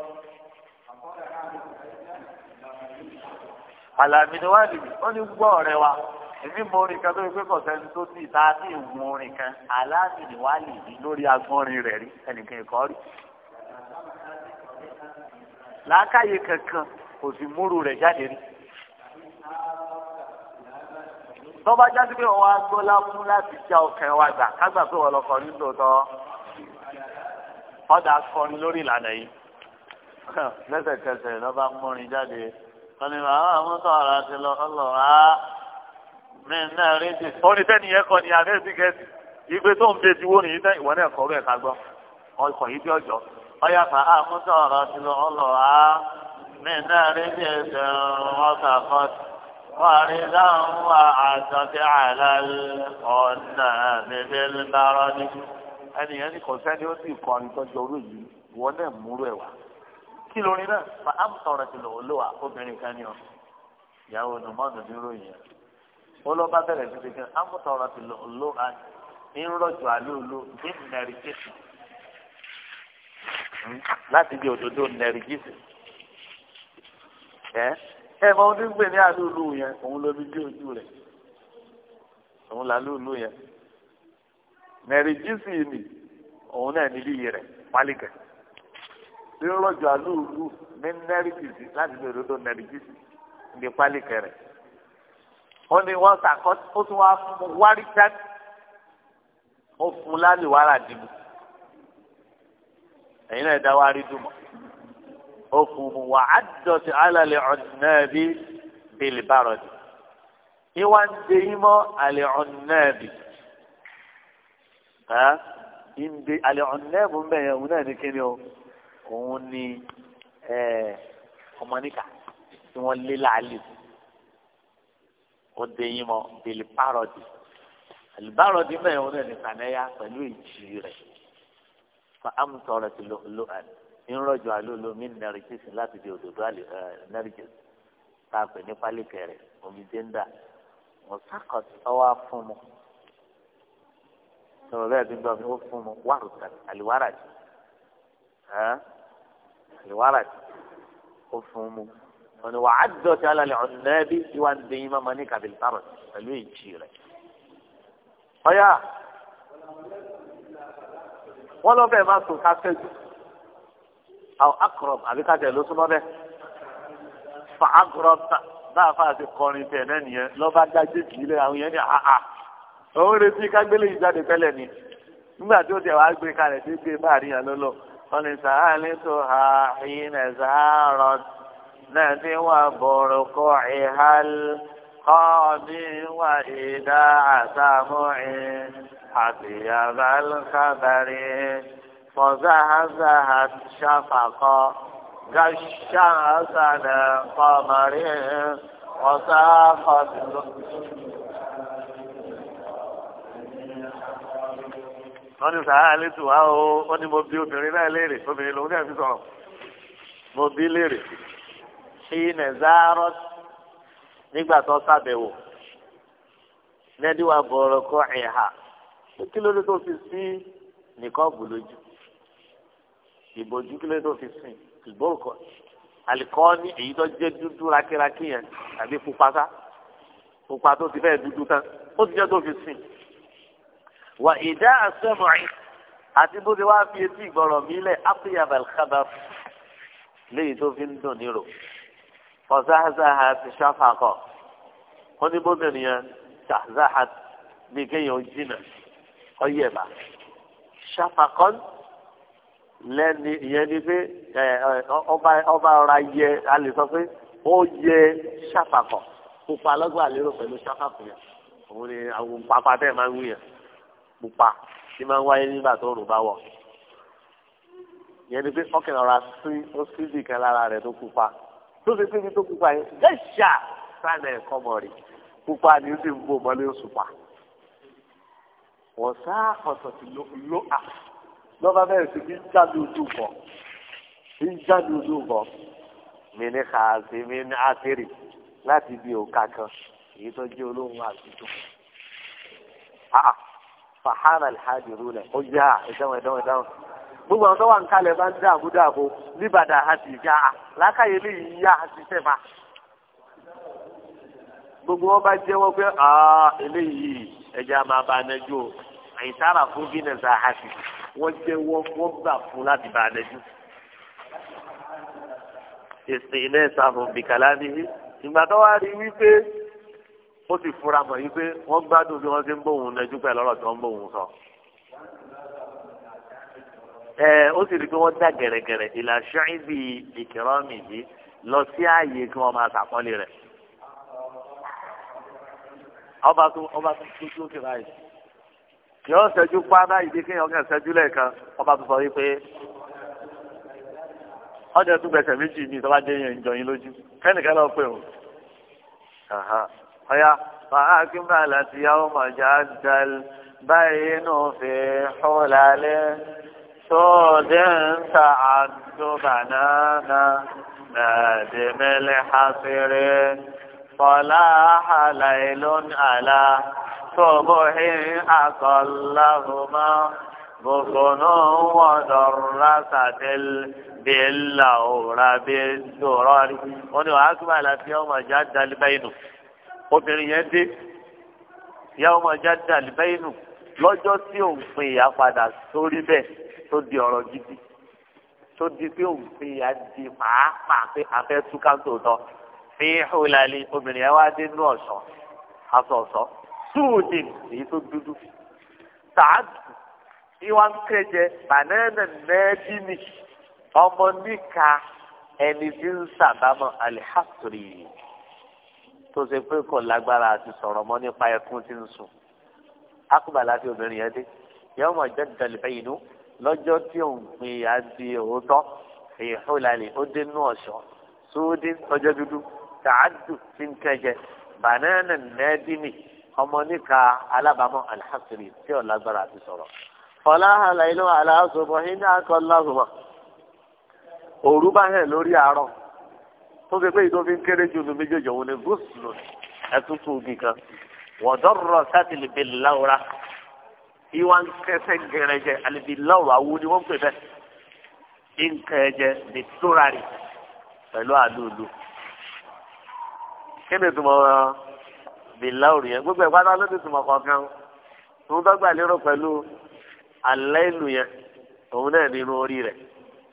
àlàmì ni wá lùmí ó ní gbọ́ ọ̀rẹ́ wa èmi mọ orin kan tó yẹ pé kò sẹ́ni tó ti ta ní ìwọ̀n orin kan àlàmì ni wá lùmí lórí agbọ́nrin rẹ̀ rí ẹnìkan ẹ̀kọ́ rí. làákàyè kankan kò sì múrù rẹ̀ jáde rí. tọ́ba jáde pé wọ́n á gbọ́ lámú láti já ọkàn wa gbà kágbà pé wọ́n lọkọ̀ ní tòótọ́ ọ̀dà akọrin lórí ìlànà yìí lẹ́sẹ̀kẹsẹ̀ lọ́ba mọ́rin jáde tọ́ni bàbá àmútọ́ ọ̀rọ̀ àti lọ ọlọ́wà mí náà rí ti. ó sẹ́ni yẹn kọ́ ni abẹ́ sí kẹ́sì ìgbé tó ń bẹ ti wó nìyí ìwọ náà kọ́ bẹ́ẹ̀ ká gbọ́ ọkọ̀ yìí bí ọjọ́ ọyá bàbá àmútọ́ ọ̀rọ̀ àti lọ ọlọ́wà mí náà rí ti ẹsẹ̀ ọkà kọ́ wàrí láwọn wà àtọ́kẹ́ àlàlẹ́ ọ̀nà mẹ́fẹ́lẹ́ bá rọ́ ní. ẹnìyẹn ní kò sẹ́ni ó sì kọ́ ni tọ́jú orú yìí ìwọ náà kí lórí náà fa amtọrọ ti lò lò wá obìnrin kan ní ọ ìyàwó nùmọ́ọ̀nù ní ròyìn ẹ̀ ó lọ bá bẹ̀rẹ̀ sí pé amtọrọ ti lò lò á ní rọ̀jò àlóòlò ní nàìjíríà láti bí òdodo nàìjíríà ẹ ẹ mọ ọdún gbè ní àlóòlò yẹn òun ló fi dé ojú rẹ òun là lóòlò yẹn nàìjíríà ni òun náà níbí yẹrẹ pálíkẹ bí rọjò alóòlù ní nẹrìtìsì láti lè rodo nẹrìtìsì ní pálí kẹrẹ ó ní wọn sàkọ ó tún wá fún wárí jáde ó fún lálẹ́ wàrà dìbò ẹ̀yin náà dá wárí dùmọ ó fún mu wà á dọ̀tí alálẹ ọ̀nàbí bílí bárọ̀dì ìwà ń de yín mọ́ alẹ ọ̀nàbí ẹ̀ ń de alẹ ọ̀nàbí ń náà ní kíni o òun ni ọmọ níkà tí wọ́n lé láàlì ó dé yín mọ́ bèlè párọ̀dì àlùbárọ̀dì mẹ́rin òun náà ní kànáyà pẹ̀lú ìjì rẹ̀ fa amutọrọ ti lo lo ẹ nrọjò alolo mi nẹrìjẹsì láti di òdòdó àlè ẹ nẹrìjẹsì tá a pè ní pálíkẹrẹ omi dẹ́ndà wọn sàkọsí ọwọ́ fún mu sọ̀rọ̀ bẹ́ẹ̀ bí n gbọ́ mi ó fún mu wàrùtà àlùwárà jù ẹ́. الورد خفهم ونوعدت على العناب وان ديما منك بالفرد فلوين شيرة فيا ولو بي ما سوكاسك أو أقرب أبي كاتل لو سمع به فأقرب bá a fà ti kọrin tẹ náà nìyẹn lọ́ba dájú kì í lé àwọn yẹn ní àhà òun retí kágbélé ìjáde tẹ́lẹ̀ ni nígbà tí ó tẹ̀ wá gbé kalẹ̀ tí ó gbé báàrin yàn lọ́lọ́ ونثالثها حين زارت ندوى برقعها القاضي وإذا سمعي حطيب الخبر فزهزهت شفقا غش حسن القمر وساقت wọ́n ní sàá ah, àlétù wá o wọ́n ní mo bí obìnrin náà léèrè obìnrin lòun náà fi sọ̀rọ̀ mo bí léèrè ṣí nẹ̀zárọ́ nígbà tó ṣàbẹ̀wò nẹ́díwà bọ̀rọ̀ kọ́ ẹ̀hà kí ló dé tó fi sí nìkan gbòlójú ìbòjú kí ló dé tó fi sí ìgbòkọ̀ alikọ́ni èyí tó jẹ́ dúdú rakírakí yẹn tàbí pupasa pupa tó ti fẹ́ dúdú tán ó ti jẹ́ tó fi sí wà ìdá àsẹ́mọ̀ì àti bó ti wá fi etí ìgbọ̀rọ̀ mi lẹ̀ ápìyàbà kábà léyìí tó fi ń dùn nírò fọ̀sáhásáhá ti ṣáfàkọ̀ wọ́n ní bóbi nìyẹn ṣàzáhá ní kéèyàn jìnnà ọ̀yẹ̀bà ṣáfàkọ́ lẹ́ni ìyẹn ni pé ọba ọ̀ra yẹ a lè sọ pé ó yẹ ṣáfàkọ̀ pupa lọ́gbà lérò pẹ̀lú ṣáfàkọ̀ yẹn òun ni àwọn pápá bẹ́ẹ̀ máa ń wúyàn pupa tí máa ń wáyé nígbà tó rùn bá wọ̀ ìyẹn ni pé ọkàn ọ̀rá sí ó sí bì kan lára rẹ̀ tó pupa tó fi pé ibi tó pupa yẹn gẹ́ṣà sáànà ẹ̀kọ́ mọ̀ rí pupa ni ó sì ń bò mọ́lé oṣù pa wọ́n sá ọ̀sọ̀ ló à lọ́ba bẹ́ẹ̀ sí kí jáde ojú bọ̀ ń jáde ojú bọ̀ mi ní kàásì mi ní àtẹ̀rì láti ibi òkà kan èyí tó jẹ́ olóhùn àtijọ́ fàhánà ìhádìrú rẹ̀ ó yá ìdáhùn ìdáhùn ìdáhùn gbogbo àwọn tó wà ń kalẹ̀ bá ń dáàbò dáàbò níbàdàn àti ìjà làákàyè lè yá àti sẹ́fà gbogbo wọn bá jẹ́wọ́ pé eléyìí ẹja máa bá anẹ́jú o àyìnsára fún bínẹ̀sà àti wọ́n jẹ́wọ́ wọ́n gbà fún láti bá anẹ́jú. ìsìn iná ẹ̀sà fún bìkàlá nìyí ìgbà tó wá rí wípé ó sì fura mọ̀ yí pé wọ́n gbádùn bí wọ́n ṣe ń bóun lẹ́jú pẹ̀lú ọ̀rọ̀ tí wọ́n ń bóun sọ. ẹ ó sì rí i pé wọ́n dá gẹ̀rẹ́gẹ̀rẹ́ ìlà ṣáìbì ìkìrọ́mì yìí lọ sí ààyè kí wọ́n máa ṣàpọ́nlé rẹ̀. ọba tó ọba tó tó tó kìlá yìí yọ ṣẹ́jú pa báyìí bí kéèyàn kàn ṣẹ́jú lẹ́ẹ̀kan ọba tó sọ wípé ọjọ́ tó gbẹ̀sẹ̀ méjì mi tó ọ̀yà fàákìmọ̀ láti yàwó mọ̀já dàl báyìí nù fi xúlalẹ̀ sóòdìn ta àdúbànáná nàdìmẹ́lẹ̀ xasírí fọlá àlàyélón àlá tóbóhin àkọláhùmá bùkúnú wọ̀dọ̀rọ̀ sàtẹ́lẹ̀. bẹ́ẹ̀la ọ̀rọ̀ abẹ́ dọ̀rọ̀ rí wọ́n ní wàá kí wàá láti obìnrin yẹn dé ìyá ọmọ jáde àlùbẹ́yìnù lọ́jọ́ tí òun pè ìyá padà sórí bẹ́ẹ̀ tó di ọ̀rọ̀ gidi tó di pé òun pè ìyá di pàápàá pé afẹ́ túká tòótọ́ fi ìhùlàlẹ̀ obìnrin yẹn wá dé inú ọ̀ṣọ́ aṣọ ọ̀ṣọ́ súwùdì èyí tó dúdú tààdù ìwà ń kẹjẹ bànẹ́ẹ̀nà nẹ́ẹ̀dínì ọmọ níka ẹni tí ń sàbámọ̀ alihàtúrì yìí tó ṣe pé kò lágbára àti sọ̀rọ̀ mọ́ nípa ẹkún tí ń sùn akúbà láti obìnrin yẹn dé yẹn mọ̀ jẹ́ dẹ̀lẹ́fẹ́ inú lọ́jọ́ tí òun pin ìyá di òótọ́ èyí hólàlì ó dé nú ọ̀ṣọ́ sóódì ọjọ́ dúdú tààdù tí ń kẹjẹ bànánà nẹ́ẹ́dínì ọmọ níka alábàámọ̀ alhàkìrì tí ò lágbára àti sọ̀rọ̀ fọlá àlàyé ló aláṣọ tó ṣe pé ìtò fi ń kéré ju omi jòjò wọn ni gúúsùlù ẹtútù ogi kan wọ̀dọ́rọ̀ sátìlìbì láwùrá ìwà ń kẹsẹ̀ gẹrẹjẹ àlìbì láwùrá wo ni wọ́n pè bẹ́ẹ̀ ìǹkẹ̀ẹ́jẹ ní túrarì pẹ̀lú àlùlù kí ni tùmọ̀ bí láwùrì yẹn gbogbo ìpàdé ló ti tùmọ̀ kọ̀ọ̀kan tó ń dọ́gba lérò pẹ̀lú alẹ́ ìlú yẹn òun náà ní irun orí rẹ̀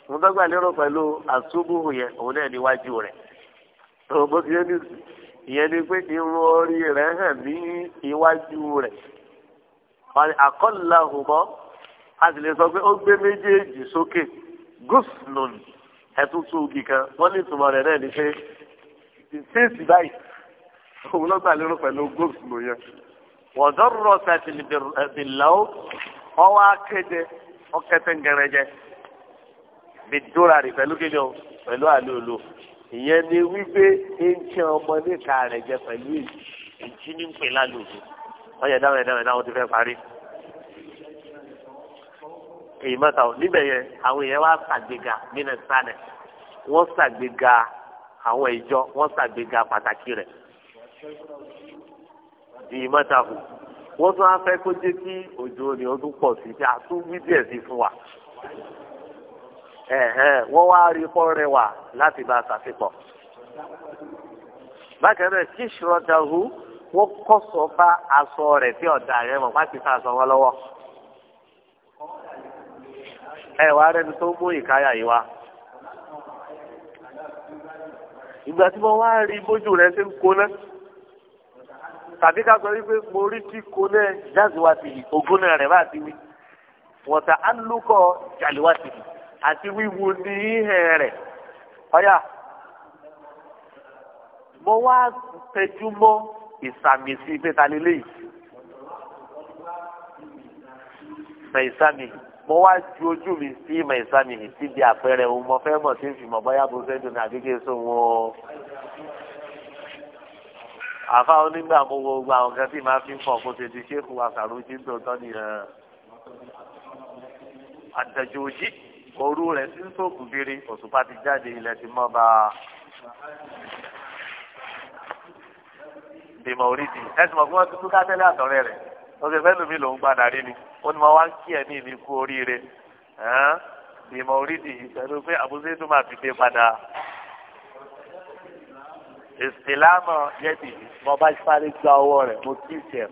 tó ń dọ́gba lérò pẹ̀lú àsúbùhù yẹn òun náà níwájú rẹ̀ ọmọ tí yẹn ní ìyẹn ni pé irun orí rẹ̀ hàn ní iwájú rẹ̀ àkọlà hùmọ́ a sì lè sọ pé ó gbé méjèèjì sókè gúúsùnùn ẹ̀tútù ògì kan wọ́n ní ìtumọ̀ rẹ̀ náà ni pé fèsì báyìí òun lọ́gbà lérò pẹ̀lú gúúsùnùn yẹn wọ́n dọ́rọ̀ sàtìlìbìláwó akéde ọkẹtẹ̀ ngẹrẹjẹ bìdúrà rẹ̀ pẹ̀lú kíni o pẹ̀lú àlóòlò ìyẹn ni wípé eŋtsẹ ọmọ níta rẹ jẹ pẹ̀lú ìjì ní pè lálùbí wọn yẹ dáhùn yẹ dáhùn yẹ dáhùn ti fẹ́ parí. èyí mọ́ta o níbẹ̀ yẹn àwọn èèyàn wá ṣàgbéga nínú sálẹ̀ wọ́n ṣàgbéga àwọn ìjọ wọ́n ṣàgbéga pàtàkì rẹ̀ èyí mọ́ta kù wọ́n tún á fẹ́ kó jẹ́ kí òjò ni ó tún pọ̀ sí i àtúwí díẹ̀ sí fún wa. ẹ̀hẹ́n wọ́n wá rí pọ́ wa láti bá a ṣàfipọ̀. bákan náà kí ṣùrọ̀dàhù wọ́n kọ́sọ̀ bá aṣọ rẹ̀ tí ọ̀dà rẹ̀ mọ̀ láti fa aṣọ wọn lọ́wọ́. ẹ wàá rẹni tó mú ìkáyà yìí wá. ìgbà tí mo wá rí bójú rẹ̀ ṣe ń koná tàbí ká sọ wípé mo rí tí koná jáde wá sí ogún náà rẹ̀ bá ti wí á sí i. àti wíwo ní ihẹ̀ rẹ̀ ọ̀yà mo wá tẹjú mọ́ ìsàmìsí pétalélé yìí mẹ̀sámi mo wá ju ojú mi sí mẹ̀sámi yìí síbi àpẹẹrẹ òun mo fẹ́ mọ̀ sí ìfìmọ̀ bóyá bó fẹ́ dùn ní àgbégbé sóhun o àfa onígbà mo wo gbogbo àwọn kan tí màá fi ń fọ̀ kó tètè ṣéèkù àkàrò jí tó tọ́ nìyẹn àtẹ̀jọ́ òjì òru rẹ̀ tí ń sòkù biri òṣùpá ti jáde ilẹ̀ ti mọ́ bá a. bímọ orí di ẹsùn mọ̀ fún wọn tuntun kátẹ́lẹ́ àtọ̀rẹ́ rẹ̀ ọ̀sẹ̀ fẹ́lú mi lòún padà rí ni ó ní mo wá ń kí ẹ̀ ní ìlú kú oríire bímọ orí di pé àbúzé tó máa fi dé padà. ìsìlámọ̀ yẹ́dì mo bá sáré gba ọwọ́ rẹ̀ mo kí ìṣẹ̀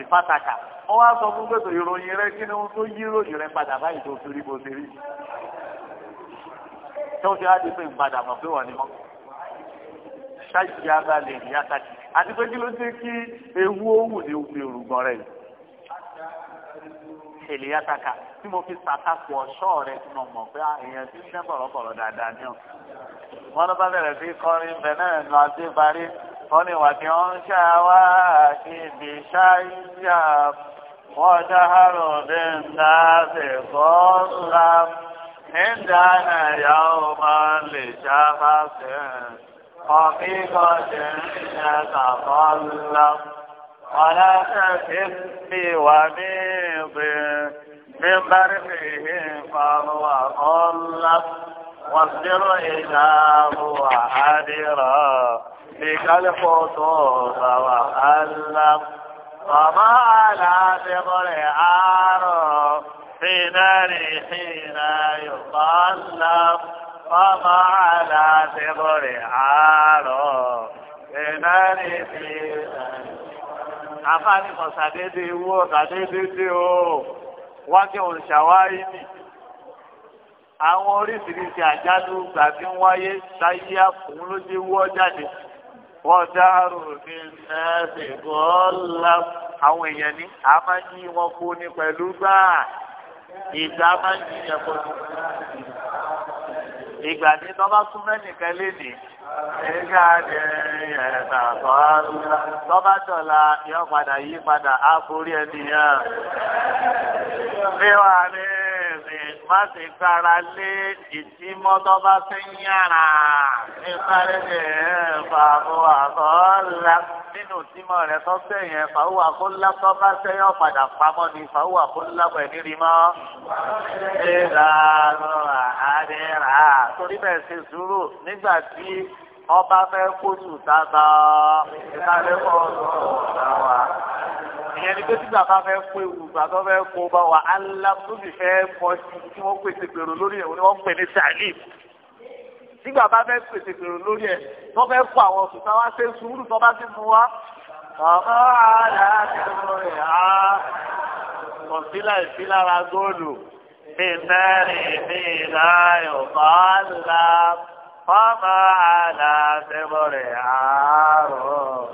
ìfàtàkà wọ́n wá sọ fún gbèsè ìròyìn rẹ kí ni wọ́n tó yí ròyìn rẹ padà báyìí tó fi rí bó ṣe rí tó fi á di pé ìpadà mọ̀ pé wọ́n ni mọ́ ṣáàjì abalẹ̀ ìyá kàkì àti pé kí ló dé kí ewu owó ni ó fi òrùngbọ̀n rẹ̀ yìí èlìyàtàkà tí mo fi sàkàpọ̀ ọ̀ṣọ́ rẹ̀ tí mo mọ̀ pé èèyàn ah, ti ń ṣẹ́ bọ̀rọ̀bọ̀rọ̀ dáadáa ni ọ̀ wọ́n bá bẹ̀rẹ̀ sí kọrin bẹ̀ náà adébárí قل وتع شواكب شيا وجهر بالناس كلا عندنا يوما لشخص حقيقة يتطلب ولا تكف وبيض من برحه فهو قلب واصبر إذا هو حذرا ìkálẹ́fọ́tò bàbá àlá bàbá àlá ti kọ́lẹ̀ àárọ̀ fínárì fínà yóò bá bàbá àlá ti kọ́lẹ̀ àárọ̀ fínárì fínà. àfáàní kan sàdédé wó sàdédé dé o wá kí òun ṣàwárí àwọn oríṣiríṣi àjálù gbà ń wáyé sáyé àfòun ló dé jáde wọ́n dárò ní ẹ̀ẹ́dẹ̀ gọ́ọ́lá àwọn èèyàn ní a máa ń yí wọn kú ní pẹ̀lú gbáà ìgbà máa ń yí yẹn kú ní. ìgbà ní tọ́ba tún mẹ́nìkan léde ìgbà ní ẹ̀ẹ́dà gọ́ọ́lá tọ́ba dọ̀la yóò padà yí padà á borí ẹni yẹn. bí wàá ní má ti gbára lé ìtìmọ́tọ́ bá fẹ́ yára àkàrẹ̀ fàáwọ́ àkọ́ọ́lá nínú tímọ̀ rẹ̀ tó sẹ́yìn fàáwọ́ àkọ́ọ́lá tó bá sẹ́yìn ọ̀padà pamọ́ ni fàáwọ́ àkọ́ọ́lá pẹ̀ nírí mọ́. ìlànà àdìrà torí bẹ́ẹ̀ ṣe sùúrù nígbà tí ọba fẹ́ kóṣù ìyẹn ni pé tí bàbá fẹ́ kó ewu bàbá fẹ́ kó bá wa alábùdì fẹ́ kọ́ sí tí wọ́n pèsè gbèrò lórí ẹ̀wọ̀n ni wọ́n pè ní sàlíìmù nígbà bá fẹ́ pèsè pèrò lórí ẹ̀ tó fẹ́ fún àwọn òṣìṣẹ́ wá ṣe sùúrù tó bá ti fún wa. ọ̀hún àlá àtẹ̀wọ̀ rẹ̀ á kò sí láìsí lára góòlù ní mẹ́rin ní ìlà ìwọ̀n àlá fọ́mọ àlá àtẹ̀wọ̀ rẹ̀ á rọ̀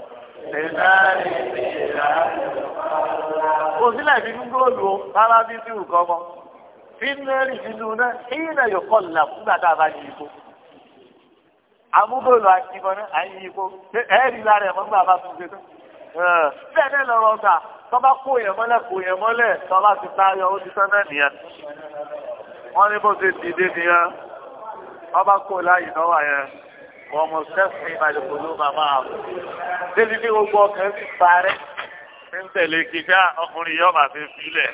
ní mẹ́rin ní ìlà ìwọ̀n àlá. kò sí láìsí fún góòlù o rárá bí sí ìrùkọ́ mọ́ fínẹ́rì nínú náà èyí náà yóò kọ́ làkúgbà tá a bá yí ipò amúgbòlò àtìmọ́nà àyíkó ẹ̀ẹ́dì lára ẹ̀mọ́ gbà bá tún ṣe tán. bẹ́ẹ̀ náà lọ́rọ̀ ọ̀gá tọ́ba kó yẹn mọ́lẹ̀ kó yẹn mọ́lẹ̀ tọ́ba ti tayọ ó ti sẹ́mẹ̀ nìyẹn. wọ́n ní bó ṣe dìde nìyẹn ọba kó láyé náà wà yẹn wọ́n mọ̀ sẹ́fìn ìbàdìkò ló máa máa bọ̀. débi bí gbogbo ọkàn ti parẹ́ ń tẹ̀lé kíkà ọkùnrin yóò